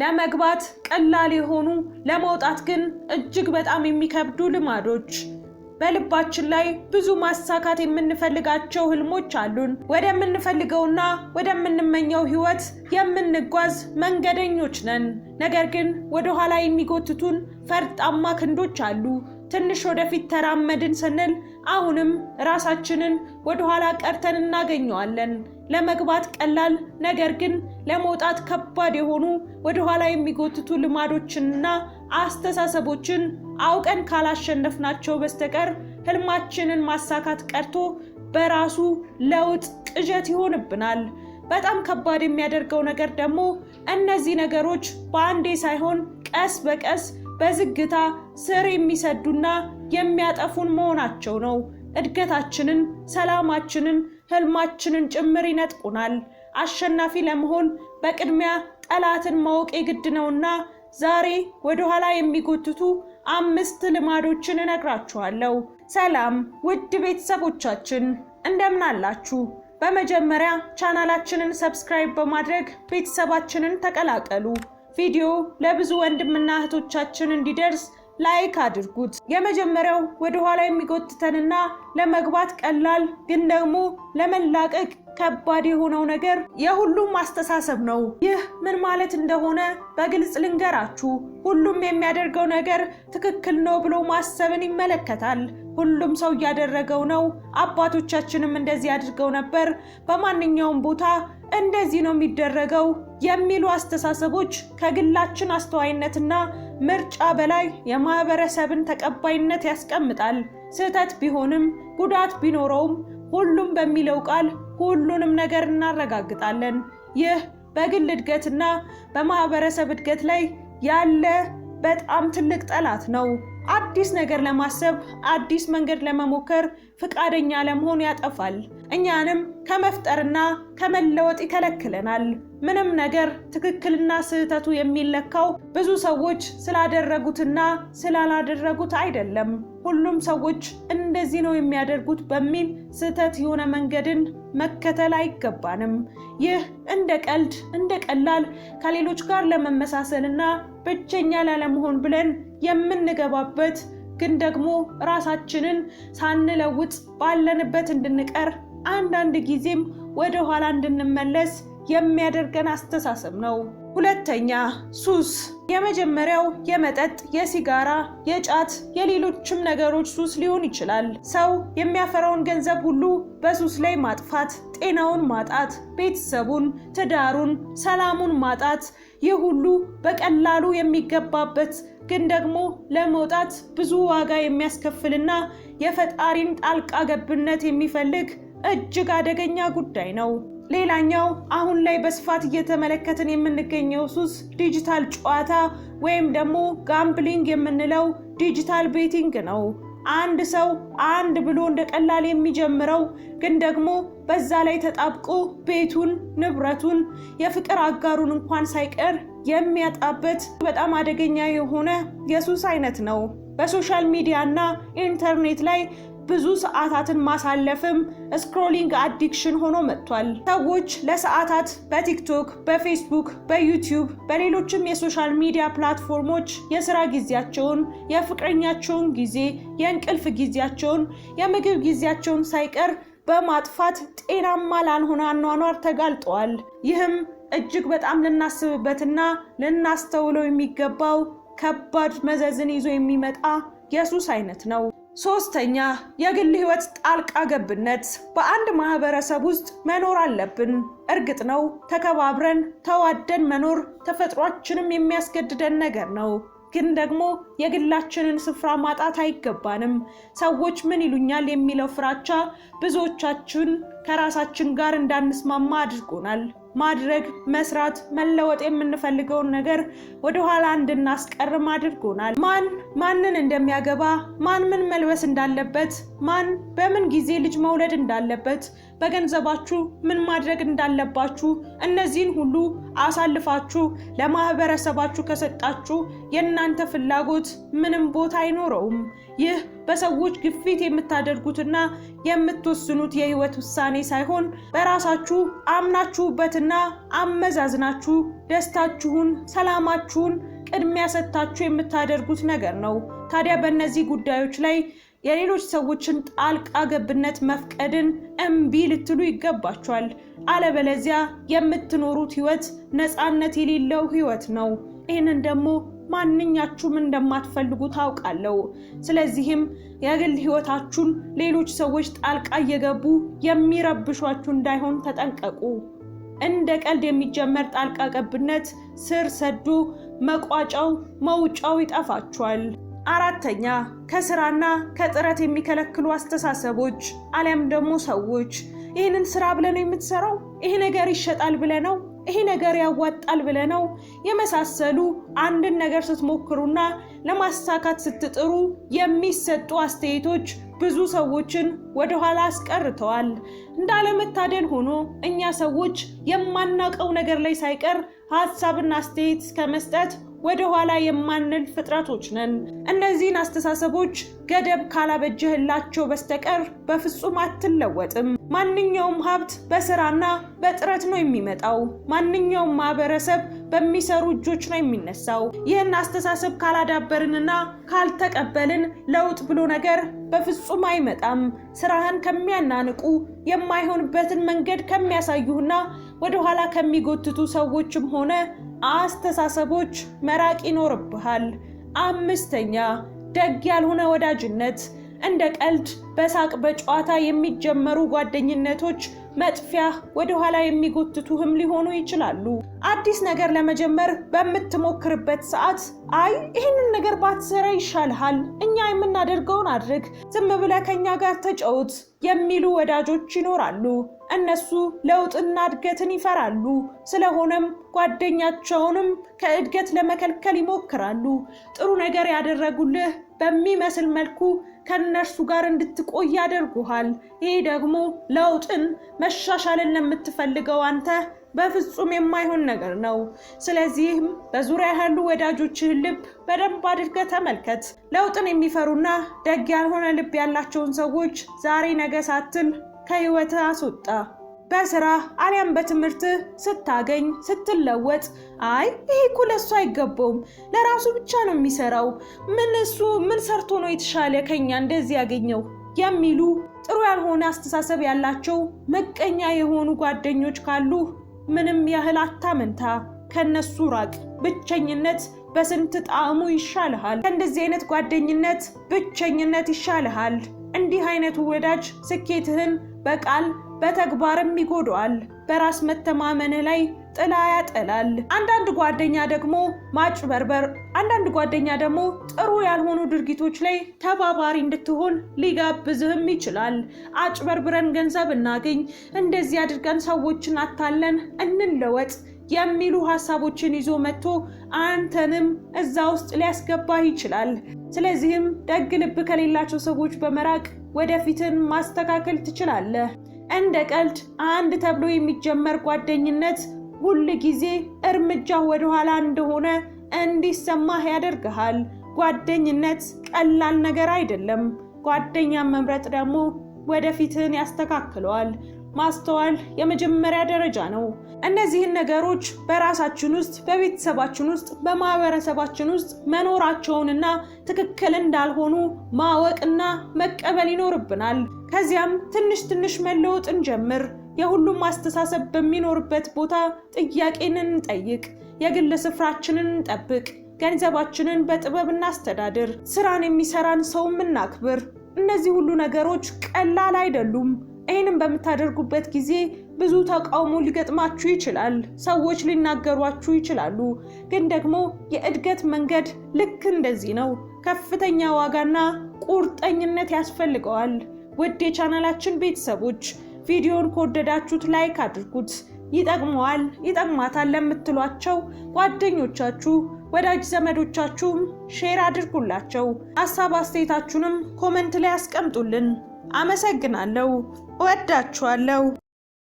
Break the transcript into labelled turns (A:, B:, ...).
A: ለመግባት ቀላል የሆኑ ለመውጣት ግን እጅግ በጣም የሚከብዱ ልማዶች በልባችን ላይ ብዙ ማሳካት የምንፈልጋቸው ህልሞች አሉን። ወደምንፈልገውና ወደምንመኘው ህይወት የምንጓዝ መንገደኞች ነን። ነገር ግን ወደኋላ የሚጎትቱን ፈርጣማ ክንዶች አሉ። ትንሽ ወደፊት ተራመድን ስንል አሁንም ራሳችንን ወደኋላ ቀርተን እናገኘዋለን። ለመግባት ቀላል ነገር ግን ለመውጣት ከባድ የሆኑ ወደኋላ የሚጎትቱ ልማዶችንና አስተሳሰቦችን አውቀን ካላሸነፍናቸው በስተቀር ህልማችንን ማሳካት ቀርቶ በራሱ ለውጥ ቅዠት ይሆንብናል። በጣም ከባድ የሚያደርገው ነገር ደግሞ እነዚህ ነገሮች በአንዴ ሳይሆን ቀስ በቀስ በዝግታ ስር የሚሰዱና የሚያጠፉን መሆናቸው ነው። እድገታችንን፣ ሰላማችንን፣ ህልማችንን ጭምር ይነጥቁናል። አሸናፊ ለመሆን በቅድሚያ ጠላትን ማወቅ የግድ ነውና ዛሬ ወደ ኋላ የሚጎትቱ አምስት ልማዶችን እነግራችኋለሁ። ሰላም ውድ ቤተሰቦቻችን እንደምን አላችሁ? በመጀመሪያ ቻናላችንን ሰብስክራይብ በማድረግ ቤተሰባችንን ተቀላቀሉ። ቪዲዮ ለብዙ ወንድምና እህቶቻችን እንዲደርስ ላይክ አድርጉት። የመጀመሪያው ወደ ኋላ የሚጎትተንና ለመግባት ቀላል ግን ደግሞ ለመላቀቅ ከባድ የሆነው ነገር የሁሉም አስተሳሰብ ነው። ይህ ምን ማለት እንደሆነ በግልጽ ልንገራችሁ። ሁሉም የሚያደርገው ነገር ትክክል ነው ብሎ ማሰብን ይመለከታል። ሁሉም ሰው እያደረገው ነው፣ አባቶቻችንም እንደዚህ አድርገው ነበር፣ በማንኛውም ቦታ እንደዚህ ነው የሚደረገው የሚሉ አስተሳሰቦች ከግላችን አስተዋይነትና ምርጫ በላይ የማህበረሰብን ተቀባይነት ያስቀምጣል። ስህተት ቢሆንም ጉዳት ቢኖረውም ሁሉም በሚለው ቃል ሁሉንም ነገር እናረጋግጣለን። ይህ በግል እድገትና በማህበረሰብ እድገት ላይ ያለ በጣም ትልቅ ጠላት ነው። አዲስ ነገር ለማሰብ አዲስ መንገድ ለመሞከር ፍቃደኛ ለመሆን ያጠፋል። እኛንም ከመፍጠርና ከመለወጥ ይከለክለናል። ምንም ነገር ትክክልና ስህተቱ የሚለካው ብዙ ሰዎች ስላደረጉትና ስላላደረጉት አይደለም። ሁሉም ሰዎች እንደዚህ ነው የሚያደርጉት በሚል ስህተት የሆነ መንገድን መከተል አይገባንም። ይህ እንደ ቀልድ እንደ ቀላል ከሌሎች ጋር ለመመሳሰልና ብቸኛ ላለመሆን ብለን የምንገባበት ግን ደግሞ ራሳችንን ሳንለውጥ ባለንበት እንድንቀር አንዳንድ ጊዜም ወደ ኋላ እንድንመለስ የሚያደርገን አስተሳሰብ ነው። ሁለተኛ ሱስ። የመጀመሪያው የመጠጥ፣ የሲጋራ፣ የጫት፣ የሌሎችም ነገሮች ሱስ ሊሆን ይችላል። ሰው የሚያፈራውን ገንዘብ ሁሉ በሱስ ላይ ማጥፋት፣ ጤናውን ማጣት፣ ቤተሰቡን፣ ትዳሩን፣ ሰላሙን ማጣት፣ ይህ ሁሉ በቀላሉ የሚገባበት ግን ደግሞ ለመውጣት ብዙ ዋጋ የሚያስከፍልና የፈጣሪን ጣልቃ ገብነት የሚፈልግ እጅግ አደገኛ ጉዳይ ነው። ሌላኛው አሁን ላይ በስፋት እየተመለከትን የምንገኘው ሱስ ዲጂታል ጨዋታ ወይም ደግሞ ጋምብሊንግ የምንለው ዲጂታል ቤቲንግ ነው። አንድ ሰው አንድ ብሎ እንደ ቀላል የሚጀምረው ግን ደግሞ በዛ ላይ ተጣብቆ ቤቱን፣ ንብረቱን፣ የፍቅር አጋሩን እንኳን ሳይቀር የሚያጣበት በጣም አደገኛ የሆነ የሱስ አይነት ነው። በሶሻል ሚዲያ እና ኢንተርኔት ላይ ብዙ ሰዓታትን ማሳለፍም ስክሮሊንግ አዲክሽን ሆኖ መጥቷል። ሰዎች ለሰዓታት በቲክቶክ፣ በፌስቡክ፣ በዩቲዩብ፣ በሌሎችም የሶሻል ሚዲያ ፕላትፎርሞች የስራ ጊዜያቸውን፣ የፍቅረኛቸውን ጊዜ፣ የእንቅልፍ ጊዜያቸውን፣ የምግብ ጊዜያቸውን ሳይቀር በማጥፋት ጤናማ ላልሆነ አኗኗር ተጋልጠዋል። ይህም እጅግ በጣም ልናስብበትና ልናስተውለው የሚገባው ከባድ መዘዝን ይዞ የሚመጣ የሱስ አይነት ነው። ሶስተኛ የግል ህይወት ጣልቃ ገብነት በአንድ ማህበረሰብ ውስጥ መኖር አለብን። እርግጥ ነው ተከባብረን ተዋደን መኖር ተፈጥሯችንም የሚያስገድደን ነገር ነው። ግን ደግሞ የግላችንን ስፍራ ማጣት አይገባንም። ሰዎች ምን ይሉኛል የሚለው ፍራቻ ብዙዎቻችን ከራሳችን ጋር እንዳንስማማ አድርጎናል። ማድረግ፣ መስራት፣ መለወጥ የምንፈልገውን ነገር ወደኋላ እንድናስቀርም አድርጎናል። ማን ማንን እንደሚያገባ፣ ማን ምን መልበስ እንዳለበት፣ ማን በምን ጊዜ ልጅ መውለድ እንዳለበት፣ በገንዘባችሁ ምን ማድረግ እንዳለባችሁ፣ እነዚህን ሁሉ አሳልፋችሁ ለማህበረሰባችሁ ከሰጣችሁ የእናንተ ፍላጎት ምንም ቦታ አይኖረውም። ይህ በሰዎች ግፊት የምታደርጉትና የምትወስኑት የህይወት ውሳኔ ሳይሆን በራሳችሁ አምናችሁበትና አመዛዝናችሁ ደስታችሁን፣ ሰላማችሁን ቅድሚያ ሰጥታችሁ የምታደርጉት ነገር ነው። ታዲያ በእነዚህ ጉዳዮች ላይ የሌሎች ሰዎችን ጣልቃ ገብነት መፍቀድን እምቢ ልትሉ ይገባችኋል። አለበለዚያ የምትኖሩት ህይወት ነፃነት የሌለው ህይወት ነው። ይህንን ደግሞ ማንኛችሁም እንደማትፈልጉ ታውቃለሁ። ስለዚህም የግል ሕይወታችሁን ሌሎች ሰዎች ጣልቃ እየገቡ የሚረብሿችሁ እንዳይሆን ተጠንቀቁ። እንደ ቀልድ የሚጀመር ጣልቃ ገብነት ስር ሰዶ መቋጫው መውጫው ይጠፋችኋል። አራተኛ ከስራና ከጥረት የሚከለክሉ አስተሳሰቦች አሊያም ደግሞ ሰዎች ይህንን ስራ ብለህ ነው የምትሰራው፣ ይሄ ነገር ይሸጣል ብለህ ነው ይሄ ነገር ያዋጣል ብለነው የመሳሰሉ አንድን ነገር ስትሞክሩና ለማሳካት ስትጥሩ የሚሰጡ አስተያየቶች ብዙ ሰዎችን ወደኋላ አስቀርተዋል። እንዳለመታደል ሆኖ እኛ ሰዎች የማናውቀው ነገር ላይ ሳይቀር ሀሳብና አስተያየት ከመስጠት ወደ ኋላ የማንል ፍጥረቶች ነን። እነዚህን አስተሳሰቦች ገደብ ካላበጀህላቸው በስተቀር በፍጹም አትለወጥም። ማንኛውም ሀብት በስራና በጥረት ነው የሚመጣው። ማንኛውም ማህበረሰብ በሚሰሩ እጆች ነው የሚነሳው። ይህን አስተሳሰብ ካላዳበርንና ካልተቀበልን ለውጥ ብሎ ነገር በፍጹም አይመጣም። ስራህን ከሚያናንቁ የማይሆንበትን መንገድ ከሚያሳዩህና ወደኋላ ከሚጎትቱ ሰዎችም ሆነ አስተሳሰቦች መራቅ ይኖርብሃል። አምስተኛ ደግ ያልሆነ ወዳጅነት እንደ ቀልድ በሳቅ በጨዋታ የሚጀመሩ ጓደኝነቶች መጥፊያ ወደኋላ የሚጎትቱህም ሊሆኑ ይችላሉ። አዲስ ነገር ለመጀመር በምትሞክርበት ሰዓት አይ ይህንን ነገር ባትሰራ ይሻልሃል፣ እኛ የምናደርገውን አድርግ፣ ዝም ብለህ ከኛ ጋር ተጫወት የሚሉ ወዳጆች ይኖራሉ። እነሱ ለውጥና እድገትን ይፈራሉ። ስለሆነም ጓደኛቸውንም ከእድገት ለመከልከል ይሞክራሉ። ጥሩ ነገር ያደረጉልህ በሚመስል መልኩ ከእነርሱ ጋር እንድትቆይ ያደርጉሃል። ይህ ደግሞ ለውጥን መሻሻልን ለምትፈልገው አንተ በፍጹም የማይሆን ነገር ነው። ስለዚህም በዙሪያ ያሉ ወዳጆችህን ልብ በደንብ አድርገህ ተመልከት። ለውጥን የሚፈሩና ደግ ያልሆነ ልብ ያላቸውን ሰዎች ዛሬ ነገ ሳትል ከህይወት አስወጣ። በስራ አሊያም በትምህርት ስታገኝ ስትለወጥ፣ አይ ይሄ እኮ ለእሱ አይገባውም፣ ለራሱ ብቻ ነው የሚሰራው፣ ምን እሱ ምን ሰርቶ ነው የተሻለ ከኛ እንደዚህ ያገኘው የሚሉ ጥሩ ያልሆነ አስተሳሰብ ያላቸው ምቀኛ የሆኑ ጓደኞች ካሉ ምንም ያህል አታመንታ፣ ከነሱ ራቅ። ብቸኝነት በስንት ጣዕሙ ይሻልሃል። ከእንደዚህ አይነት ጓደኝነት ብቸኝነት ይሻልሃል። እንዲህ አይነቱ ወዳጅ ስኬትህን በቃል በተግባርም ይጎዳዋል። በራስ መተማመንህ ላይ ጥላ ያጠላል። አንዳንድ ጓደኛ ደግሞ ማጭበርበር፣ አንዳንድ ጓደኛ ደግሞ ጥሩ ያልሆኑ ድርጊቶች ላይ ተባባሪ እንድትሆን ሊጋብዝህም ይችላል። አጭበርብረን ገንዘብ እናገኝ፣ እንደዚህ አድርገን ሰዎችን አታለን እንለወጥ የሚሉ ሀሳቦችን ይዞ መጥቶ አንተንም እዛ ውስጥ ሊያስገባህ ይችላል። ስለዚህም ደግ ልብ ከሌላቸው ሰዎች በመራቅ ወደፊትን ማስተካከል ትችላለህ። እንደ ቀልድ አንድ ተብሎ የሚጀመር ጓደኝነት ሁል ጊዜ እርምጃ ወደኋላ እንደሆነ እንዲሰማህ ያደርግሃል። ጓደኝነት ቀላል ነገር አይደለም። ጓደኛ መምረጥ ደግሞ ወደፊትን ያስተካክለዋል። ማስተዋል የመጀመሪያ ደረጃ ነው። እነዚህን ነገሮች በራሳችን ውስጥ፣ በቤተሰባችን ውስጥ፣ በማህበረሰባችን ውስጥ መኖራቸውንና ትክክል እንዳልሆኑ ማወቅና መቀበል ይኖርብናል። ከዚያም ትንሽ ትንሽ መለወጥ እንጀምር። የሁሉም አስተሳሰብ በሚኖርበት ቦታ ጥያቄንን እንጠይቅ፣ የግል ስፍራችንን እንጠብቅ፣ ገንዘባችንን በጥበብ እናስተዳድር፣ ስራን የሚሰራን ሰውም እናክብር። እነዚህ ሁሉ ነገሮች ቀላል አይደሉም። ይህንም በምታደርጉበት ጊዜ ብዙ ተቃውሞ ሊገጥማችሁ ይችላል። ሰዎች ሊናገሯችሁ ይችላሉ። ግን ደግሞ የእድገት መንገድ ልክ እንደዚህ ነው። ከፍተኛ ዋጋና ቁርጠኝነት ያስፈልገዋል። ውድ የቻናላችን ቤተሰቦች ቪዲዮን ከወደዳችሁት ላይክ አድርጉት። ይጠቅመዋል፣ ይጠቅማታል ለምትሏቸው ጓደኞቻችሁ፣ ወዳጅ ዘመዶቻችሁም ሼር አድርጉላቸው። ሀሳብ አስተያየታችሁንም ኮመንት ላይ አስቀምጡልን። አመሰግናለሁ። እወዳችኋለሁ።